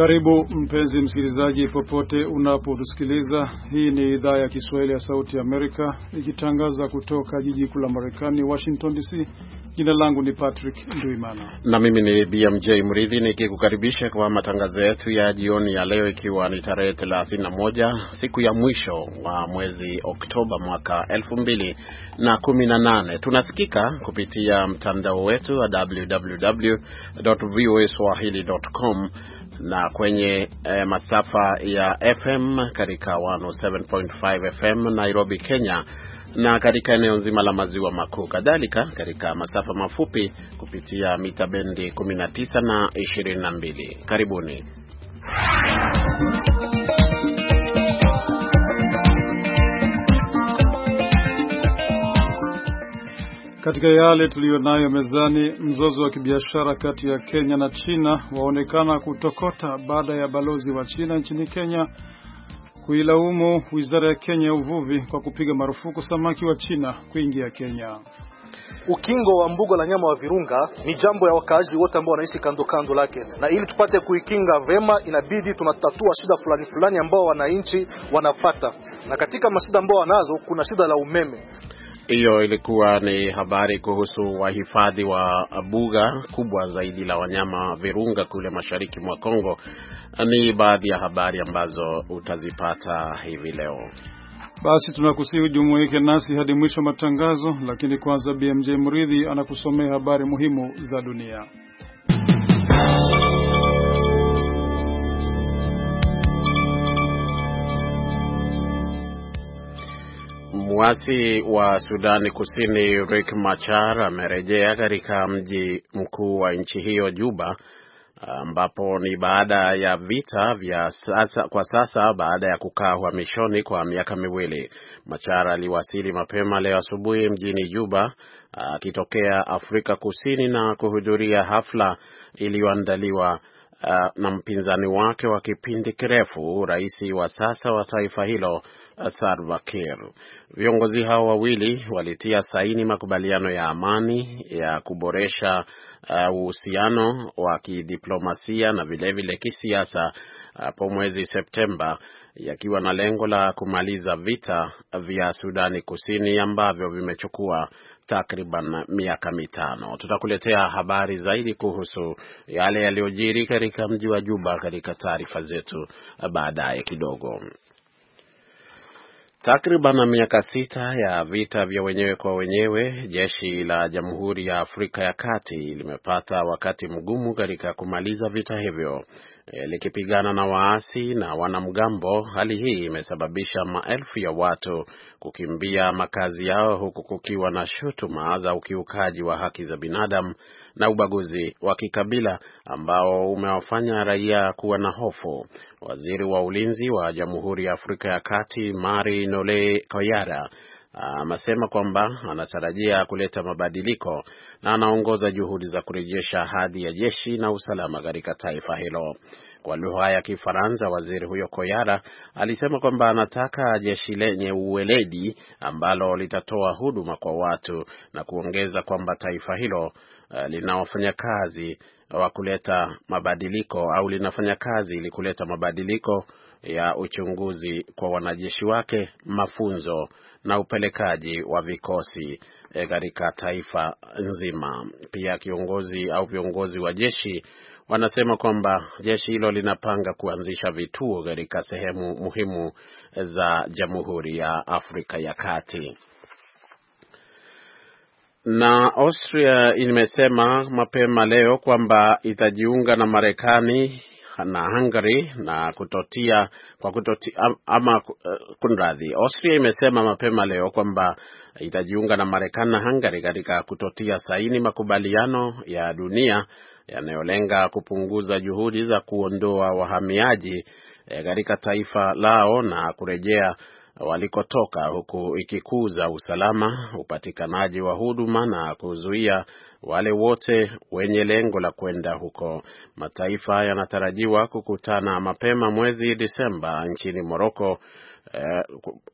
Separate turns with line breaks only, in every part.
Karibu mpenzi msikilizaji, popote unapotusikiliza. Hii ni idhaa ya Kiswahili ya Sauti ya Amerika ikitangaza kutoka jiji kuu la Marekani, Washington DC. Jina langu ni Patrick Nduimana
na mimi ni BMJ Mridhi nikikukaribisha kwa matangazo yetu ya jioni ya leo, ikiwa ni tarehe 31 siku ya mwisho wa mwezi Oktoba mwaka 2018. Tunasikika kupitia mtandao wetu wa www na kwenye eh, masafa ya FM katika 107.5 FM Nairobi, Kenya na katika eneo nzima la maziwa makuu, kadhalika katika masafa mafupi kupitia mita bendi 19 na 22. Karibuni. Katika
yale tuliyo nayo mezani, mzozo wa kibiashara kati ya Kenya na China waonekana kutokota baada ya balozi wa China nchini Kenya kuilaumu wizara ya Kenya ya uvuvi kwa kupiga marufuku samaki wa China kuingia Kenya. Ukingo wa mbuga la nyama wa Virunga ni jambo ya wakaazi wote ambao wanaishi kando kando lake, na ili tupate kuikinga vema, inabidi tunatatua shida fulani fulani ambao wananchi wanapata, na katika mashida ambao wanazo kuna shida la umeme.
Hiyo ilikuwa ni habari kuhusu wahifadhi wa buga kubwa zaidi la wanyama Virunga kule mashariki mwa Kongo. Ni baadhi ya habari ambazo utazipata hivi leo.
Basi tunakusihi ujumuike nasi hadi mwisho matangazo, lakini kwanza BMJ Mridhi anakusomea habari muhimu za dunia.
Muasi wa Sudani Kusini rik Machar amerejea katika mji mkuu wa nchi hiyo Juba, ambapo ni baada ya vita vya sasa, kwa sasa baada ya kukaa uhamishoni kwa miaka miwili. Machar aliwasili mapema leo asubuhi mjini Juba akitokea Afrika Kusini na kuhudhuria hafla iliyoandaliwa uh, na mpinzani wake wa kipindi kirefu, rais wa sasa wa taifa hilo ah, Salva Kiir. Viongozi hao wawili walitia saini makubaliano ya amani ya kuboresha ah, uhusiano wa kidiplomasia na vilevile kisiasa hapo mwezi Septemba, yakiwa na lengo la kumaliza vita vya Sudani Kusini ambavyo vimechukua takriban miaka mitano. Tutakuletea habari zaidi kuhusu yale yaliyojiri katika mji wa Juba katika taarifa zetu baadaye kidogo. Takriban miaka sita ya vita vya wenyewe kwa wenyewe, jeshi la Jamhuri ya Afrika ya Kati limepata wakati mgumu katika kumaliza vita hivyo, likipigana eh, na waasi na wanamgambo. Hali hii imesababisha maelfu ya watu kukimbia makazi yao huku kukiwa na shutuma za ukiukaji wa haki za binadamu na ubaguzi wa kikabila ambao umewafanya raia kuwa na hofu. Waziri wa ulinzi wa Jamhuri ya Afrika ya Kati Mari Nole Koyara Ah, amesema kwamba anatarajia kuleta mabadiliko na anaongoza juhudi za kurejesha hadhi ya jeshi na usalama katika taifa hilo. Kwa lugha ya Kifaransa, waziri huyo Koyara alisema kwamba anataka jeshi lenye uweledi ambalo litatoa huduma kwa watu na kuongeza kwamba taifa hilo eh, lina wafanyakazi wa kuleta mabadiliko au linafanya kazi ili kuleta mabadiliko ya uchunguzi kwa wanajeshi wake, mafunzo na upelekaji wa vikosi eh, katika taifa nzima. Pia kiongozi au viongozi wa jeshi wanasema kwamba jeshi hilo linapanga kuanzisha vituo katika sehemu muhimu eh, za Jamhuri ya Afrika ya Kati. Na Austria imesema mapema leo kwamba itajiunga na Marekani na Hungary na kutotia kwa kutotia, ama uh, kunradhi, Austria imesema mapema leo kwamba itajiunga na Marekani na Hungary katika kutotia saini makubaliano ya dunia yanayolenga kupunguza juhudi za kuondoa wahamiaji eh, katika taifa lao na kurejea walikotoka huku ikikuza usalama, upatikanaji wa huduma na kuzuia wale wote wenye lengo la kwenda huko. Mataifa yanatarajiwa kukutana mapema mwezi Disemba nchini Moroko eh,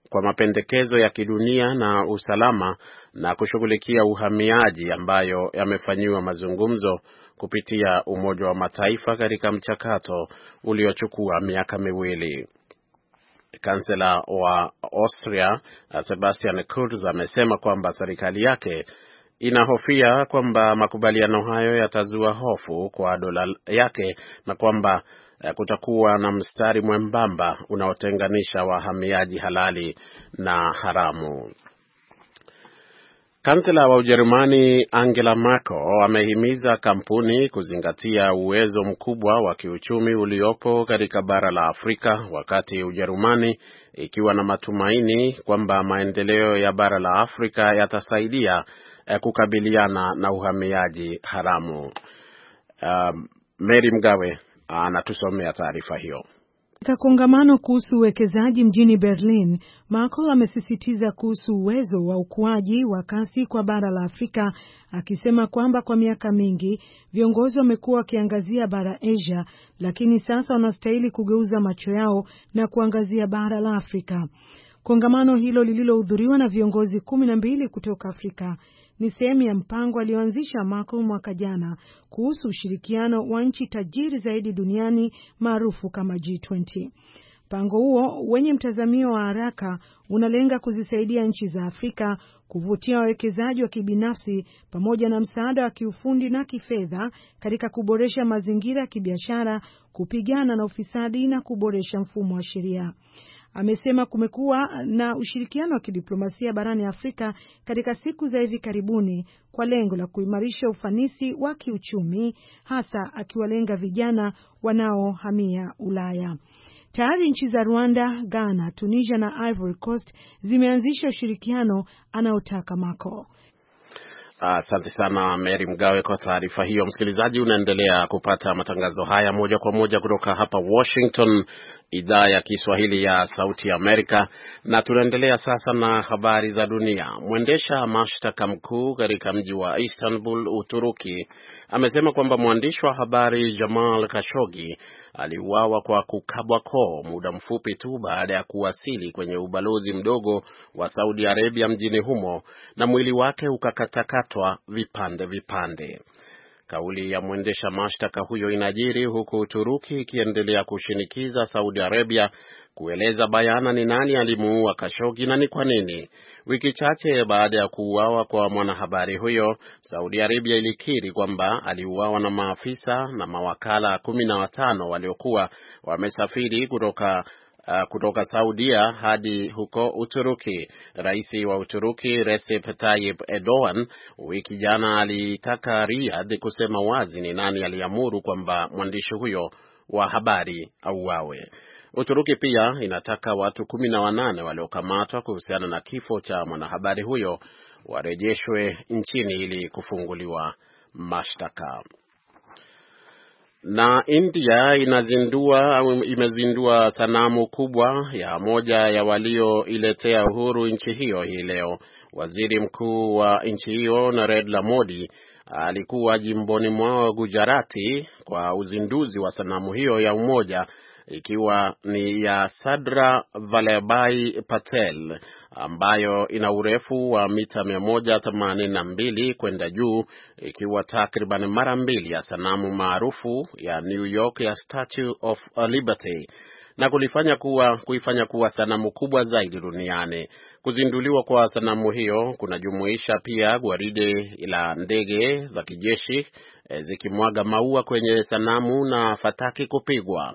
kwa mapendekezo ya kidunia na usalama na kushughulikia uhamiaji ambayo yamefanyiwa mazungumzo kupitia Umoja wa Mataifa katika mchakato uliochukua miaka miwili. Kansela wa Austria eh, Sebastian Kurz amesema kwamba serikali yake inahofia kwamba makubaliano hayo yatazua hofu kwa dola yake na kwamba eh, kutakuwa na mstari mwembamba unaotenganisha wahamiaji halali na haramu. Kansela wa Ujerumani Angela Merkel amehimiza kampuni kuzingatia uwezo mkubwa wa kiuchumi uliopo katika bara la Afrika wakati Ujerumani ikiwa na matumaini kwamba maendeleo ya bara la Afrika yatasaidia Eh, kukabiliana na uhamiaji haramu. Um, Mary Mgawe anatusomea taarifa hiyo.
Katika kongamano kuhusu uwekezaji mjini Berlin, Merkel amesisitiza kuhusu uwezo wa ukuaji wa kasi kwa bara la Afrika, akisema kwamba kwa miaka mingi viongozi wamekuwa wakiangazia bara Asia, lakini sasa wanastahili kugeuza macho yao na kuangazia bara la Afrika. Kongamano hilo lililohudhuriwa na viongozi kumi na mbili kutoka Afrika ni sehemu ya mpango alioanzisha mako mwaka jana kuhusu ushirikiano wa nchi tajiri zaidi duniani maarufu kama G20. Mpango huo wenye mtazamio wa haraka unalenga kuzisaidia nchi za Afrika kuvutia wawekezaji wa kibinafsi pamoja na msaada wa kiufundi na kifedha katika kuboresha mazingira ya kibiashara, kupigana na ufisadi na kuboresha mfumo wa sheria. Amesema kumekuwa na ushirikiano wa kidiplomasia barani Afrika katika siku za hivi karibuni kwa lengo la kuimarisha ufanisi wa kiuchumi, hasa akiwalenga vijana wanaohamia Ulaya. Tayari nchi za Rwanda, Ghana, Tunisia na Ivory Coast zimeanzisha ushirikiano anaotaka Mako.
Asante sana Mary Mgawe kwa taarifa hiyo. Msikilizaji, unaendelea kupata matangazo haya moja kwa moja kutoka hapa Washington, idhaa ya Kiswahili ya Sauti Amerika. Na tunaendelea sasa na habari za dunia. Mwendesha mashtaka mkuu katika mji wa Istanbul, Uturuki, amesema kwamba mwandishi wa habari Jamal Khashoggi aliuawa kwa kukabwa koo muda mfupi tu baada ya kuwasili kwenye ubalozi mdogo wa Saudi Arabia mjini humo, na mwili wake ukakatakatwa vipande vipande. Kauli ya mwendesha mashtaka huyo inajiri huku Uturuki ikiendelea kushinikiza Saudi Arabia kueleza bayana ni nani alimuua Kashogi na ni kwa nini. Wiki chache baada ya kuuawa kwa mwanahabari huyo, Saudi Arabia ilikiri kwamba aliuawa na maafisa na mawakala kumi na watano waliokuwa wamesafiri kutoka uh, kutoka Saudia hadi huko Uturuki. Rais wa Uturuki Recep Tayyip Erdogan wiki jana alitaka Riyadh kusema wazi ni nani aliamuru kwamba mwandishi huyo wa habari auawe. Uturuki pia inataka watu kumi na wanane waliokamatwa kuhusiana na kifo cha mwanahabari huyo warejeshwe nchini ili kufunguliwa mashtaka. Na India inazindua au imezindua sanamu kubwa ya moja ya walioiletea uhuru nchi hiyo hii leo. Waziri mkuu wa nchi hiyo Narendra Modi alikuwa jimboni mwao Gujarati kwa uzinduzi wa sanamu hiyo ya umoja ikiwa ni ya Sadra Vallabhbhai Patel ambayo ina urefu wa mita 182 kwenda juu, ikiwa takriban mara mbili ya sanamu maarufu ya New York ya Statue of Liberty na kulifanya kuwa, kuifanya kuwa sanamu kubwa zaidi duniani. Kuzinduliwa kwa sanamu hiyo kunajumuisha pia gwaride la ndege za kijeshi eh, zikimwaga maua kwenye sanamu na fataki kupigwa.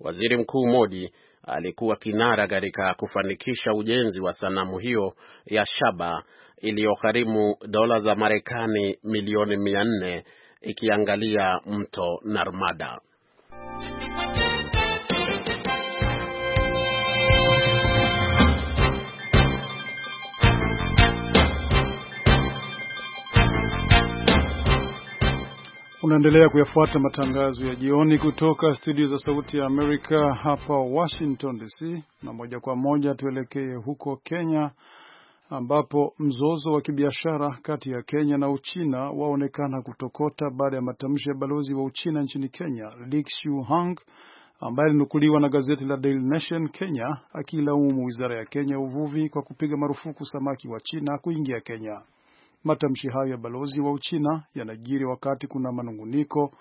Waziri Mkuu Modi alikuwa kinara katika kufanikisha ujenzi wa sanamu hiyo ya shaba iliyogharimu dola za Marekani milioni mia nne ikiangalia mto Narmada.
Unaendelea kuyafuata matangazo ya jioni kutoka studio za Sauti ya Amerika hapa Washington DC, na moja kwa moja tuelekee huko Kenya ambapo mzozo wa kibiashara kati ya Kenya na Uchina waonekana kutokota baada ya matamshi ya balozi wa Uchina nchini Kenya Shu hang ambaye alinukuliwa na gazeti la Daily Nation Kenya akiilaumu wizara ya Kenya uvuvi kwa kupiga marufuku samaki wa China kuingia Kenya. Matamshi hayo ya balozi wa Uchina yanajiri wakati kuna manunguniko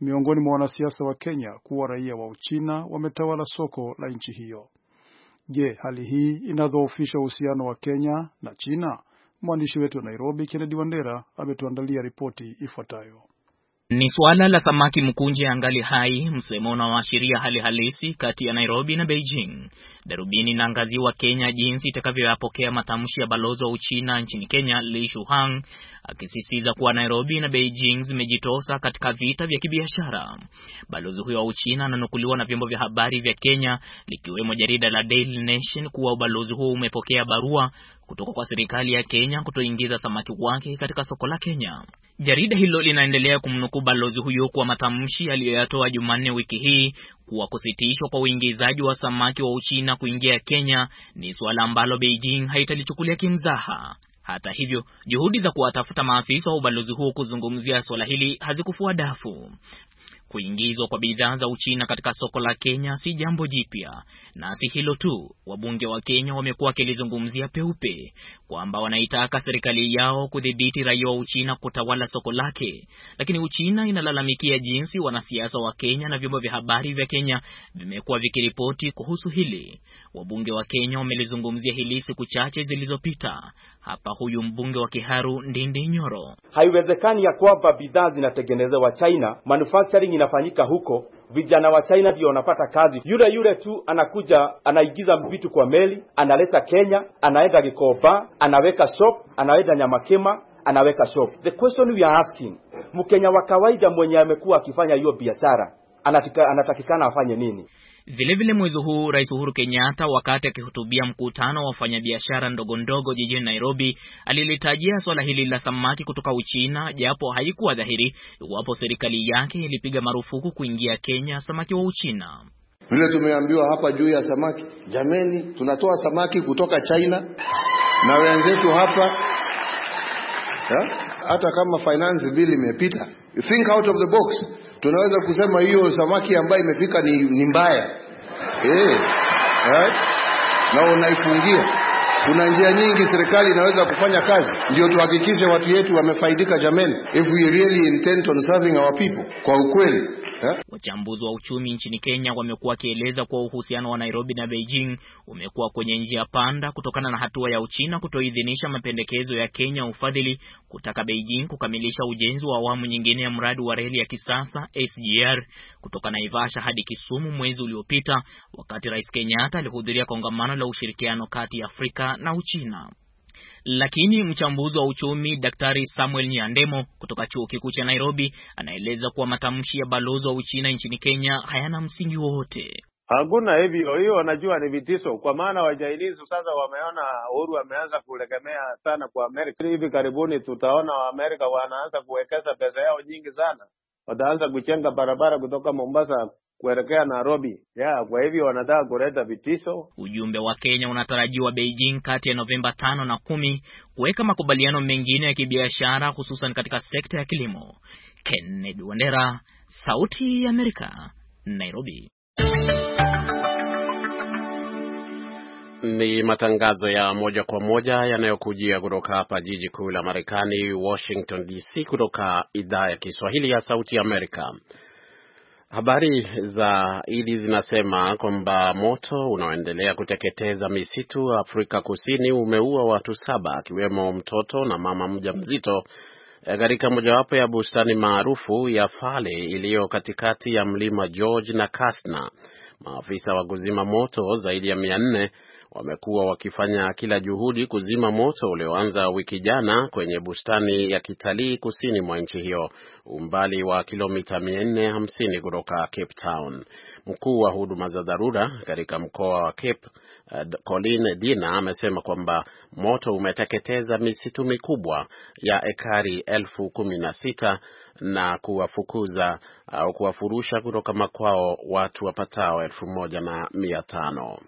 miongoni mwa wanasiasa wa Kenya kuwa raia wa Uchina wametawala soko la nchi hiyo. Je, hali hii inadhoofisha uhusiano wa Kenya na China? Mwandishi wetu wa Nairobi, Kennedy Wandera, ametuandalia ripoti ifuatayo.
Ni suala la samaki mkunje angali hai, msemo unaoashiria hali halisi kati ya Nairobi na Beijing. Darubini inaangaziwa Kenya jinsi itakavyoyapokea matamshi ya balozi wa Uchina nchini Kenya Li Shuhang akisisitiza kuwa Nairobi na Beijing zimejitosa katika vita vya kibiashara. Balozi huyo wa Uchina ananukuliwa na vyombo vya habari vya Kenya likiwemo jarida la Daily Nation kuwa ubalozi huo umepokea barua kutoka kwa serikali ya Kenya kutoingiza samaki wake katika soko la Kenya. Jarida hilo linaendelea kumnukuu balozi huyo kwa matamshi aliyoyatoa Jumanne wiki hii kuwa kusitishwa kwa uingizaji wa samaki wa Uchina kuingia Kenya ni suala ambalo Beijing haitalichukulia kimzaha. Hata hivyo, juhudi za kuwatafuta maafisa wa ubalozi huo kuzungumzia suala hili hazikufua dafu. Kuingizwa kwa bidhaa za Uchina katika soko la Kenya si jambo jipya, na si hilo tu. Wabunge wa Kenya wamekuwa wakilizungumzia peupe kwamba wanaitaka serikali yao kudhibiti raia wa Uchina kutawala soko lake, lakini Uchina inalalamikia jinsi wanasiasa wa Kenya na vyombo vya habari vya Kenya vimekuwa vikiripoti kuhusu hili. Wabunge wa Kenya wamelizungumzia hili siku chache zilizopita, hapa huyu mbunge wa Kiharu Ndindi Nyoro:
haiwezekani ya kwamba bidhaa zinatengenezewa China, manufacturing inafanyika huko, vijana wa China ndio wanapata kazi. Yule yule tu anakuja anaigiza vitu kwa meli, analeta Kenya, anaenda Gikoba, anaweka shop, anaenda Nyamakema, anaweka shop. The question we are asking, Mkenya wa kawaida mwenye amekuwa akifanya hiyo biashara anatakikana afanye nini?
Vilevile mwezi huu Rais Uhuru Kenyatta, wakati akihutubia mkutano wa wafanyabiashara ndogo ndogo jijini Nairobi, alilitajia swala hili la samaki kutoka Uchina, japo haikuwa dhahiri iwapo serikali yake ilipiga marufuku kuingia Kenya samaki wa Uchina.
Vile tumeambiwa hapa juu ya samaki, jameni, tunatoa samaki kutoka China na wenzetu hapa ha? Eh, hata kama finance bill imepita think out of the box tunaweza kusema hiyo samaki ambayo imefika ni, ni mbaya eh, eh? na unaifungia kuna njia nyingi serikali inaweza kufanya kazi, ndio tuhakikishe watu yetu wamefaidika. Jameni, if we really intend on serving our people, kwa ukweli
Yeah. Wachambuzi wa uchumi nchini Kenya wamekuwa wakieleza kuwa uhusiano wa Nairobi na Beijing umekuwa kwenye njia panda kutokana na hatua ya Uchina kutoidhinisha mapendekezo ya Kenya ufadhili kutaka Beijing kukamilisha ujenzi wa awamu nyingine ya mradi wa reli ya kisasa SGR kutoka Naivasha hadi Kisumu mwezi uliopita, wakati Rais Kenyatta alihudhuria kongamano la ushirikiano kati ya Afrika na Uchina. Lakini mchambuzi wa uchumi Daktari Samuel Nyandemo kutoka Chuo Kikuu cha Nairobi anaeleza kuwa matamshi ya balozi wa Uchina nchini Kenya hayana msingi wowote.
Hakuna hivyo, hiyo wanajua ni vitisho, kwa maana wachainizi sasa wameona uhuru, wameanza kulegemea sana kwa Amerika.
Hivi karibuni tutaona
Waamerika wanaanza kuwekeza pesa yao nyingi sana, wataanza kuchenga barabara kutoka Mombasa kuelekea Nairobi yeah. Kwa hivyo wanataka kuleta vitisho.
Ujumbe wa Kenya unatarajiwa Beijing kati ya Novemba tano na kumi kuweka makubaliano mengine ya kibiashara hususan katika sekta ya kilimo. Kennedy Wandera, Sauti ya Amerika, Nairobi.
Ni matangazo ya moja kwa moja yanayokujia kutoka hapa jiji kuu la Marekani, Washington DC, kutoka idhaa ya Kiswahili ya Sauti ya Amerika. Habari za Idi zinasema kwamba moto unaoendelea kuteketeza misitu Afrika Kusini umeua watu saba akiwemo mtoto na mama mja mzito eh, katika mojawapo ya bustani maarufu ya Fale iliyo katikati ya mlima George na Kasna. Maafisa wa kuzima moto zaidi ya mia nne wamekuwa wakifanya kila juhudi kuzima moto ulioanza wiki jana kwenye bustani ya kitalii kusini mwa nchi hiyo, umbali wa kilomita 450 kutoka Cape Town. Mkuu wa huduma za dharura katika mkoa wa Cape eh, Colin Dina amesema kwamba moto umeteketeza misitu mikubwa ya ekari elfu kumi na sita na kuwafukuza au kuwafurusha kutoka makwao watu wapatao elfu moja na mia tano.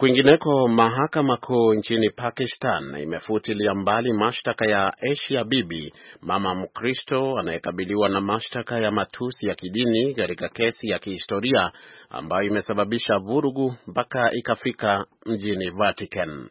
Kwingineko, mahakama kuu nchini Pakistan imefutilia mbali mashtaka ya Asia Bibi, mama Mkristo anayekabiliwa na mashtaka ya matusi ya kidini katika kesi ya kihistoria ambayo imesababisha vurugu mpaka ikafika mjini Vatican.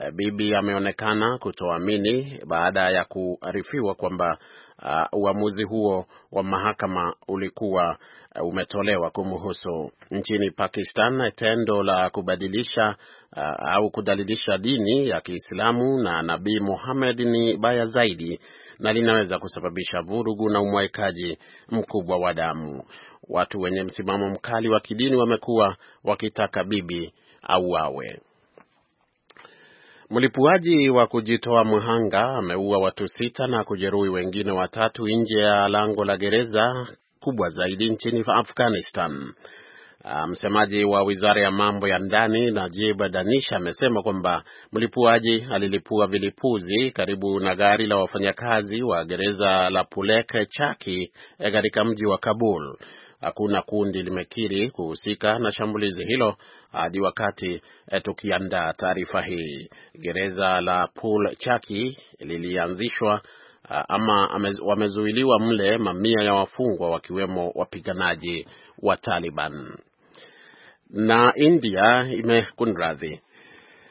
Eh, bibi ameonekana kutoamini baada ya kuarifiwa kwamba uh, uamuzi huo wa mahakama ulikuwa uh, umetolewa kumhusu. Nchini Pakistan, tendo la kubadilisha uh, au kudalilisha dini ya Kiislamu na Nabii Muhammad ni baya zaidi na linaweza kusababisha vurugu na umwaikaji mkubwa wa damu. Watu wenye msimamo mkali wa kidini wamekuwa wakitaka bibi auawe. Mlipuaji wa kujitoa mhanga ameua watu sita na kujeruhi wengine watatu nje ya lango la gereza kubwa zaidi nchini Afghanistan. Ah, msemaji wa wizara ya mambo ya ndani Najib Danish amesema kwamba mlipuaji alilipua vilipuzi karibu na gari la wafanyakazi wa gereza la Pulek Chaki eh, katika mji wa Kabul hakuna kundi limekiri kuhusika na shambulizi hilo hadi wakati eh, tukiandaa taarifa hii. Gereza la Pul Chaki lilianzishwa ah, ama wamezuiliwa mle mamia ya wafungwa wakiwemo wapiganaji wa Taliban. Na India imekunradhi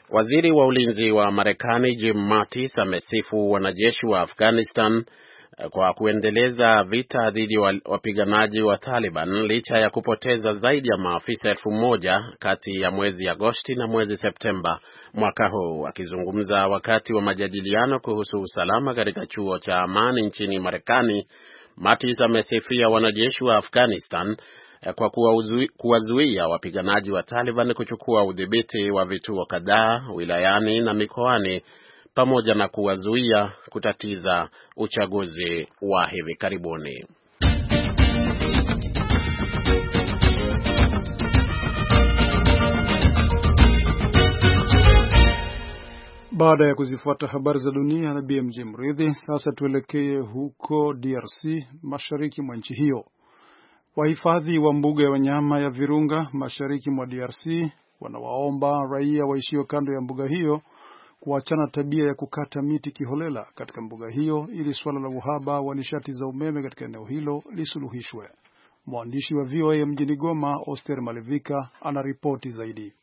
Waziri wa ulinzi wa Marekani Jim Mattis amesifu wanajeshi wa Afghanistan kwa kuendeleza vita dhidi ya wapiganaji wa Taliban licha ya kupoteza zaidi ya maafisa elfu moja kati ya mwezi Agosti na mwezi Septemba mwaka huu. Akizungumza wakati wa majadiliano kuhusu usalama katika chuo cha amani nchini Marekani, Mattis amesifia wanajeshi wa Afghanistan eh, kwa kuwazuia wapiganaji wa Taliban kuchukua udhibiti wa vituo kadhaa wilayani na mikoani pamoja na kuwazuia kutatiza uchaguzi wa hivi karibuni.
Baada ya kuzifuata habari za dunia na BMJ Mridhi, sasa tuelekee huko DRC, mashariki mwa nchi hiyo. Wahifadhi wa mbuga ya wanyama ya Virunga mashariki mwa DRC wanawaomba raia waishio kando ya mbuga hiyo kuachana tabia ya kukata miti kiholela katika mbuga hiyo ili suala la uhaba wa nishati za umeme katika eneo hilo lisuluhishwe. Mwandishi wa VOA mjini Goma, Oster Malevika, ana ripoti zaidi.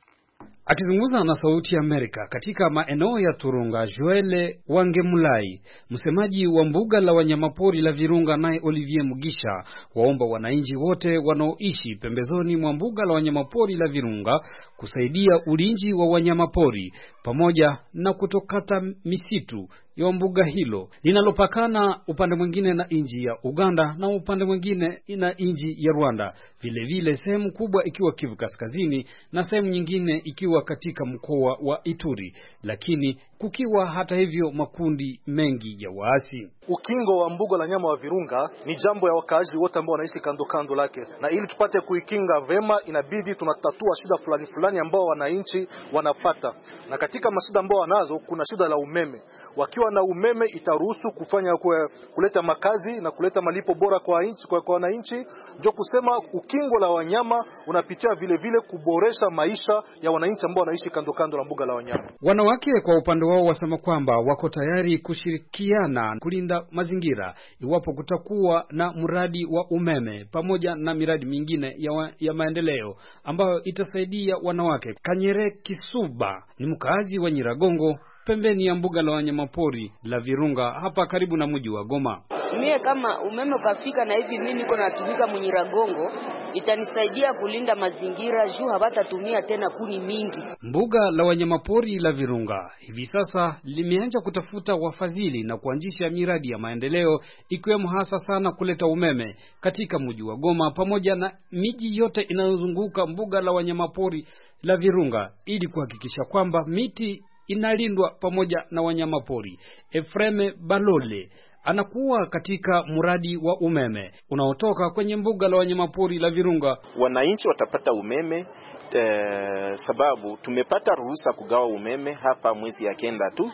Akizungumza na Sauti ya Amerika
katika maeneo ya Turunga, Joele Wangemulai, msemaji wa mbuga la wanyamapori la Virunga, naye Olivier Mugisha, waomba wananchi wote wanaoishi pembezoni mwa mbuga la wanyamapori la Virunga kusaidia ulinzi wa wanyamapori pamoja na kutokata misitu ya mbuga hilo linalopakana upande mwingine na nchi ya Uganda na upande mwingine na nchi ya Rwanda, vilevile sehemu kubwa ikiwa Kivu Kaskazini na sehemu nyingine ikiwa katika mkoa wa Ituri, lakini kukiwa hata hivyo makundi mengi ya waasi.
Ukingo wa mbuga la nyama wa Virunga ni jambo ya wakazi wote ambao wanaishi kando kando lake, na ili tupate kuikinga vema, inabidi tunatatua shida fulani fulani ambao wananchi wanapata, na katika mashida ambao wanazo kuna shida la umeme. Wakiwa na umeme itaruhusu kufanya kwe, kuleta makazi na kuleta malipo bora kwa wananchi kwa wananchi. Ndio kusema ukingo la wanyama unapitia vile vile kuboresha maisha ya wananchi ambao wanaishi kando kando la mbuga la wanyama.
Wanawake kwa upande wao wasema kwamba wako tayari kushirikiana kulinda mazingira iwapo kutakuwa na mradi wa umeme pamoja na miradi mingine ya, wa, ya maendeleo ambayo itasaidia wanawake. Kanyere Kisuba ni mkaazi wa Nyiragongo pembeni ya mbuga la wanyamapori la Virunga hapa karibu na mji wa Goma.
Mie kama umeme ukafika na hivi mimi niko natumika Munyiragongo, itanisaidia kulinda mazingira juu hawatatumia tena kuni mingi.
Mbuga la wanyamapori la Virunga hivi sasa limeanza kutafuta wafadhili na kuanzisha miradi ya maendeleo, ikiwemo hasa sana kuleta umeme katika mji wa Goma pamoja na miji yote inayozunguka mbuga la wanyamapori la Virunga ili kuhakikisha kwamba miti inalindwa pamoja na wanyamapori. Efreme Balole anakuwa katika mradi wa umeme unaotoka kwenye mbuga la wanyamapori la Virunga.
Wananchi watapata umeme eh, sababu tumepata ruhusa kugawa umeme hapa mwezi ya kenda tu,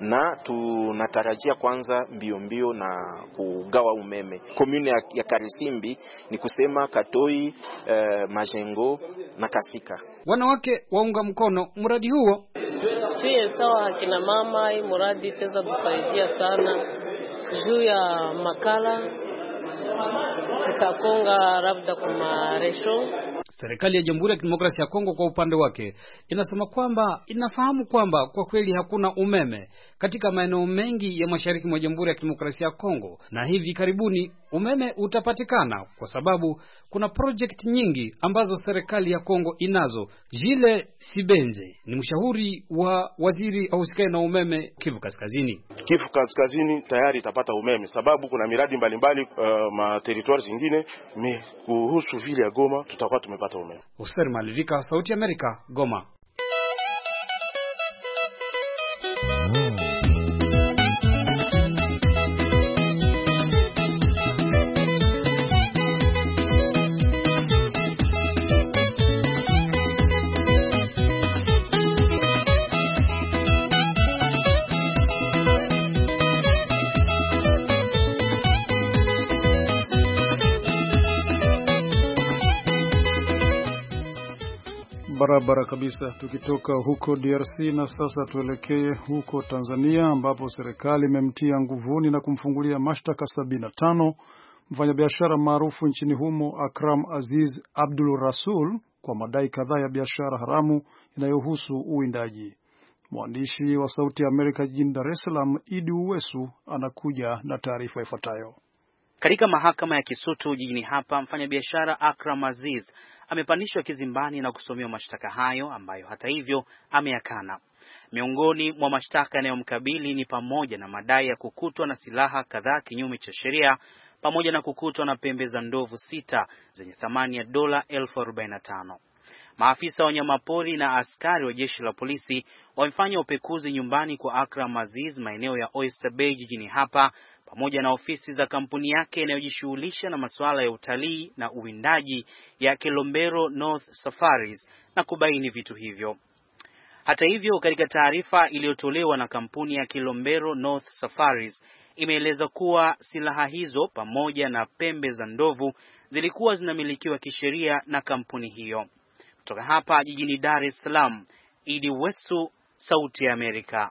na tunatarajia kwanza mbio mbio na kugawa umeme komune ya Karisimbi, ni kusema Katoi, eh, Majengo na Kasika.
Wanawake waunga mkono mradi huo.
Tuye sawa, akina mama, hii mradi itaweza kusaidia sana juu ya makala tutakonga labda kwa maresho
Serikali ya Jamhuri ya Kidemokrasia ya Kongo kwa upande wake inasema kwamba inafahamu kwamba kwa kweli hakuna umeme katika maeneo mengi ya mashariki mwa Jamhuri ya Kidemokrasia ya Kongo, na hivi karibuni umeme utapatikana kwa sababu kuna project nyingi ambazo serikali ya Kongo inazo. Jile Sibenze ni mshauri wa waziri ahusikani na umeme Kivu Kaskazini.
Kivu Kaskazini tayari itapata umeme sababu kuna miradi mbalimbali mbali, uh, materitoire zingine. Kuhusu vile ya Goma tutakuwa tumepata kupata umeme.
Hoser Malivika, Sauti ya Amerika, Goma.
barabara kabisa. Tukitoka huko DRC na sasa tuelekee huko Tanzania, ambapo serikali imemtia nguvuni na kumfungulia mashtaka 75 mfanyabiashara maarufu nchini humo Akram Aziz Abdul Rasul kwa madai kadhaa ya biashara haramu inayohusu uwindaji. Mwandishi wa Sauti ya Amerika jijini Dar es Salaam, Idi Uwesu, anakuja na taarifa ifuatayo.
Katika mahakama ya Kisutu jijini hapa, mfanyabiashara Akram Aziz amepandishwa kizimbani na kusomewa mashtaka hayo ambayo hata hivyo ameyakana. Miongoni mwa mashtaka yanayomkabili ni pamoja na madai ya kukutwa na silaha kadhaa kinyume cha sheria pamoja na kukutwa na pembe za ndovu sita zenye thamani ya dola elfu arobaini na tano. Maafisa wa wanyamapori na askari wa jeshi la polisi wamefanya upekuzi nyumbani kwa Akram Aziz maeneo ya Oyster Bay jijini hapa pamoja na ofisi za kampuni yake inayojishughulisha na masuala ya utalii na uwindaji ya Kilombero North Safaris na kubaini vitu hivyo. Hata hivyo, katika taarifa iliyotolewa na kampuni ya Kilombero North Safaris imeeleza kuwa silaha hizo pamoja na pembe za ndovu zilikuwa zinamilikiwa kisheria na kampuni hiyo. Kutoka hapa jijini Dar es Salaam, Idi Wesu, Sauti ya
Amerika.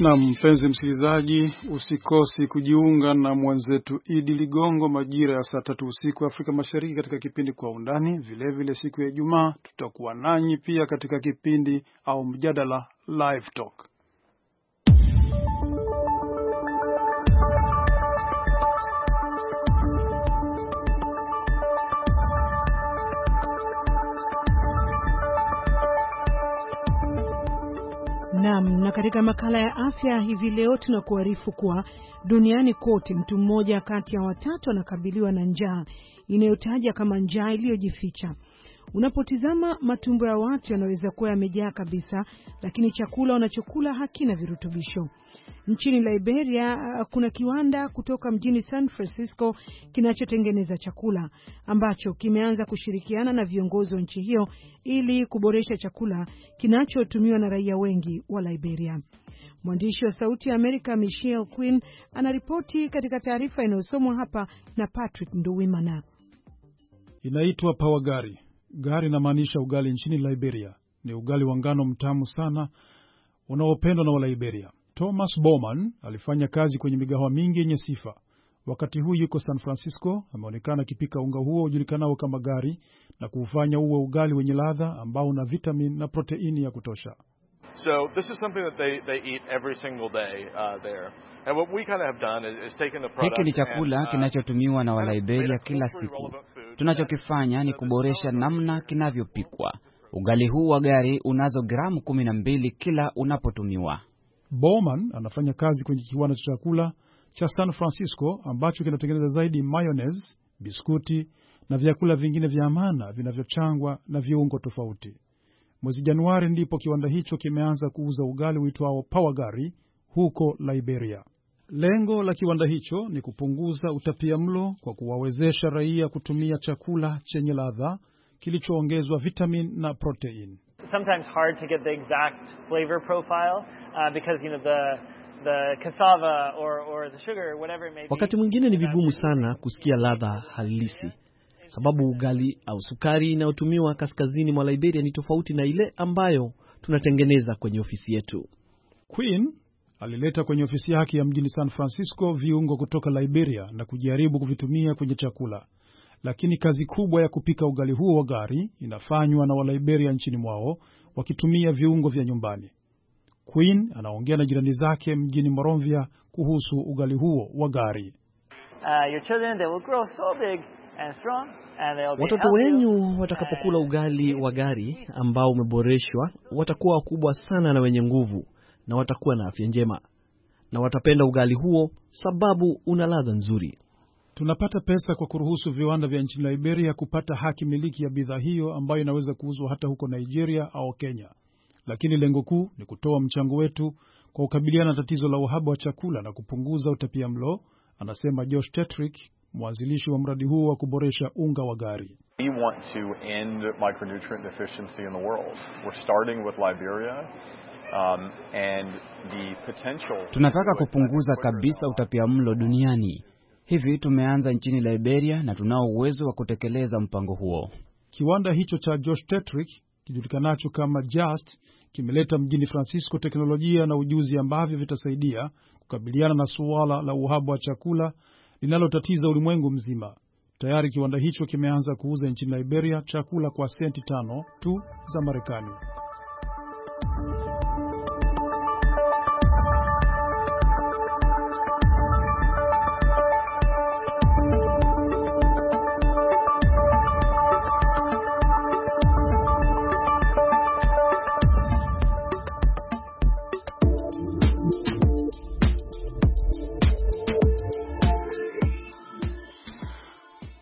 Na mpenzi msikilizaji, usikosi kujiunga na mwenzetu Idi Ligongo majira ya saa tatu usiku Afrika Mashariki katika kipindi Kwa Undani. Vilevile vile siku ya Ijumaa tutakuwa nanyi pia katika kipindi au mjadala Live Talk.
Naam, na katika makala ya afya hivi leo tunakuarifu kuwa duniani kote mtu mmoja kati ya watatu anakabiliwa na njaa inayotaja kama njaa iliyojificha. Unapotizama matumbo ya watu yanaweza kuwa yamejaa kabisa, lakini chakula wanachokula hakina virutubisho. Nchini Liberia uh, kuna kiwanda kutoka mjini San Francisco kinachotengeneza chakula ambacho kimeanza kushirikiana na viongozi wa nchi hiyo ili kuboresha chakula kinachotumiwa na raia wengi wa Liberia. Mwandishi wa Sauti ya Amerika Michelle Quinn anaripoti katika taarifa inayosomwa hapa na Patrick Nduwimana.
Inaitwa pawagari. Gari inamaanisha ugali nchini Liberia. Ni ugali wa ngano mtamu sana unaopendwa na Waliberia. Thomas Bowman alifanya kazi kwenye migahawa mingi yenye sifa. Wakati huu yuko San Francisco, ameonekana akipika unga huo ujulikanao kama gari na kuufanya uwe ugali wenye ladha ambao una vitamin na proteini ya kutosha.
So this is something that they, they eat every single day uh, there. And what we kind of have done is, is taken the product. Hiki ni chakula uh,
kinachotumiwa na Waliberia kila siku Tunachokifanya ni kuboresha namna kinavyopikwa. Ugali huu wa gari unazo gramu kumi na mbili
kila unapotumiwa. Bowman anafanya kazi kwenye kiwanda cha chakula cha San Francisco ambacho kinatengeneza zaidi mayonnaise, biskuti na vyakula vingine vya amana vinavyochangwa na viungo tofauti. Mwezi Januari ndipo kiwanda hicho kimeanza kuuza ugali uitwao pawagari huko Liberia. Lengo la kiwanda hicho ni kupunguza utapia mlo kwa kuwawezesha raia kutumia chakula chenye ladha kilichoongezwa vitamin na protein.
Sometimes hard to get the exact flavor profile uh, because you know the the cassava or or the sugar whatever it may be. Wakati mwingine ni vigumu sana kusikia ladha halisi sababu ugali au sukari inayotumiwa kaskazini mwa Liberia ni tofauti na ile ambayo tunatengeneza
kwenye ofisi yetu. Queen alileta kwenye ofisi yake ya mjini San Francisco viungo kutoka Liberia na kujaribu kuvitumia kwenye chakula, lakini kazi kubwa ya kupika ugali huo wa gari inafanywa na Waliberia nchini mwao wakitumia viungo vya nyumbani. Queen anaongea na jirani zake mjini Monrovia kuhusu ugali huo wa
gari. Uh, Watoto wenyu watakapokula ugali wa gari ambao umeboreshwa watakuwa wakubwa sana na wenye nguvu na watakuwa na afya njema na watapenda ugali huo sababu
una ladha nzuri. Tunapata pesa kwa kuruhusu viwanda vya nchini Liberia kupata haki miliki ya bidhaa hiyo ambayo inaweza kuuzwa hata huko Nigeria au Kenya, lakini lengo kuu ni kutoa mchango wetu kwa kukabiliana na tatizo la uhaba wa chakula na kupunguza utapia mlo, anasema Josh Tetrick, mwanzilishi wa mradi huo wa kuboresha unga wa gari.
Um,
Tunataka kupunguza kabisa utapiamlo duniani. Hivi tumeanza nchini Liberia na tunao uwezo wa kutekeleza mpango huo.
Kiwanda hicho cha Josh Tetrick kijulikanacho kama JUST kimeleta mjini Francisco teknolojia na ujuzi ambavyo vitasaidia kukabiliana na suala la uhaba wa chakula linalotatiza ulimwengu mzima. Tayari kiwanda hicho kimeanza kuuza nchini Liberia chakula kwa senti tano tu za Marekani.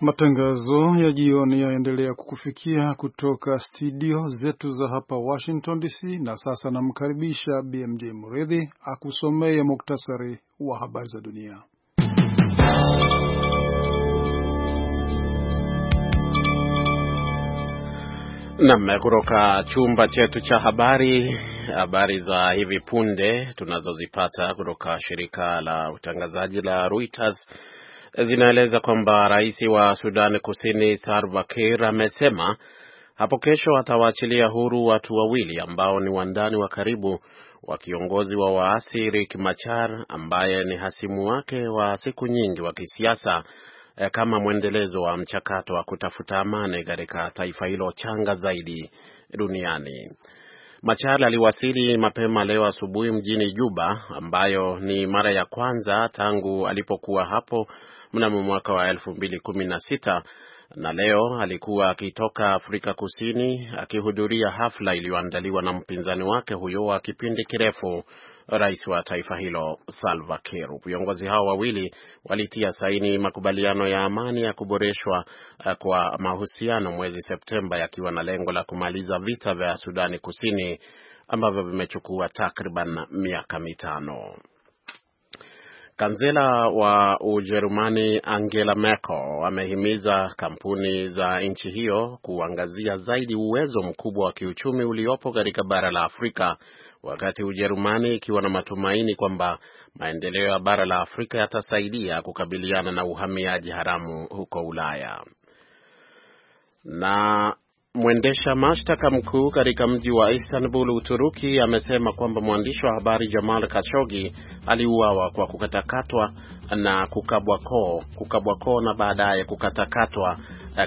Matangazo ya jioni yaendelea kukufikia kutoka studio zetu za hapa Washington DC. Na sasa namkaribisha BMJ Muridhi akusomee muktasari wa habari za dunia.
Nam, kutoka chumba chetu cha habari. Habari za hivi punde tunazozipata kutoka shirika la utangazaji la Reuters zinaeleza kwamba rais wa Sudan Kusini Salva Kiir amesema hapo kesho atawaachilia huru watu wawili ambao ni wandani wa karibu wa kiongozi wa waasi Riek Machar ambaye ni hasimu wake wa siku nyingi wa kisiasa e, kama mwendelezo wa mchakato wa kutafuta amani katika taifa hilo changa zaidi duniani. Machar aliwasili mapema leo asubuhi mjini Juba, ambayo ni mara ya kwanza tangu alipokuwa hapo mnamo mwaka wa elfu mbili kumi na sita na leo alikuwa akitoka Afrika Kusini akihudhuria hafla iliyoandaliwa na mpinzani wake huyo wa kipindi kirefu rais wa taifa hilo Salva Kiir. Viongozi hao wawili walitia saini makubaliano ya amani ya kuboreshwa eh, kwa mahusiano mwezi Septemba, yakiwa na lengo la kumaliza vita vya Sudani Kusini ambavyo vimechukua takriban miaka mitano. Kansela wa Ujerumani Angela Merkel amehimiza kampuni za nchi hiyo kuangazia zaidi uwezo mkubwa wa kiuchumi uliopo katika bara la Afrika wakati Ujerumani ikiwa na matumaini kwamba maendeleo ya bara la Afrika yatasaidia kukabiliana na uhamiaji haramu huko Ulaya. Na mwendesha mashtaka mkuu katika mji wa Istanbul, Uturuki, amesema kwamba mwandishi wa habari Jamal Khashoggi aliuawa kwa kukatakatwa na kukabwa koo, kukabwa koo na baadaye kukatakatwa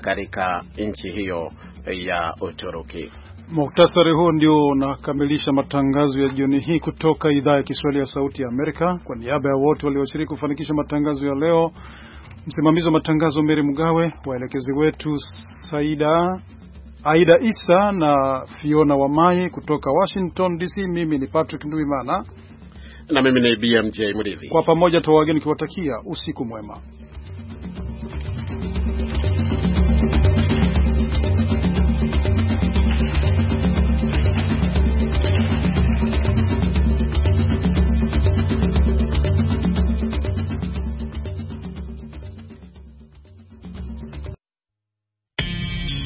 katika nchi hiyo ya Uturuki.
Muktasari huo ndio unakamilisha matangazo ya jioni hii kutoka idhaa ya Kiswahili ya Sauti ya Amerika. Kwa niaba ya wote walioshiriki kufanikisha matangazo ya leo, msimamizi wa matangazo Meri Mgawe, waelekezi wetu Saida Aida Isa na Fiona Wamai kutoka Washington DC. Mimi ni Patrick Nduimana
na mimi ni BMJ Mridhi,
kwa pamoja tawageni kiwatakia usiku mwema.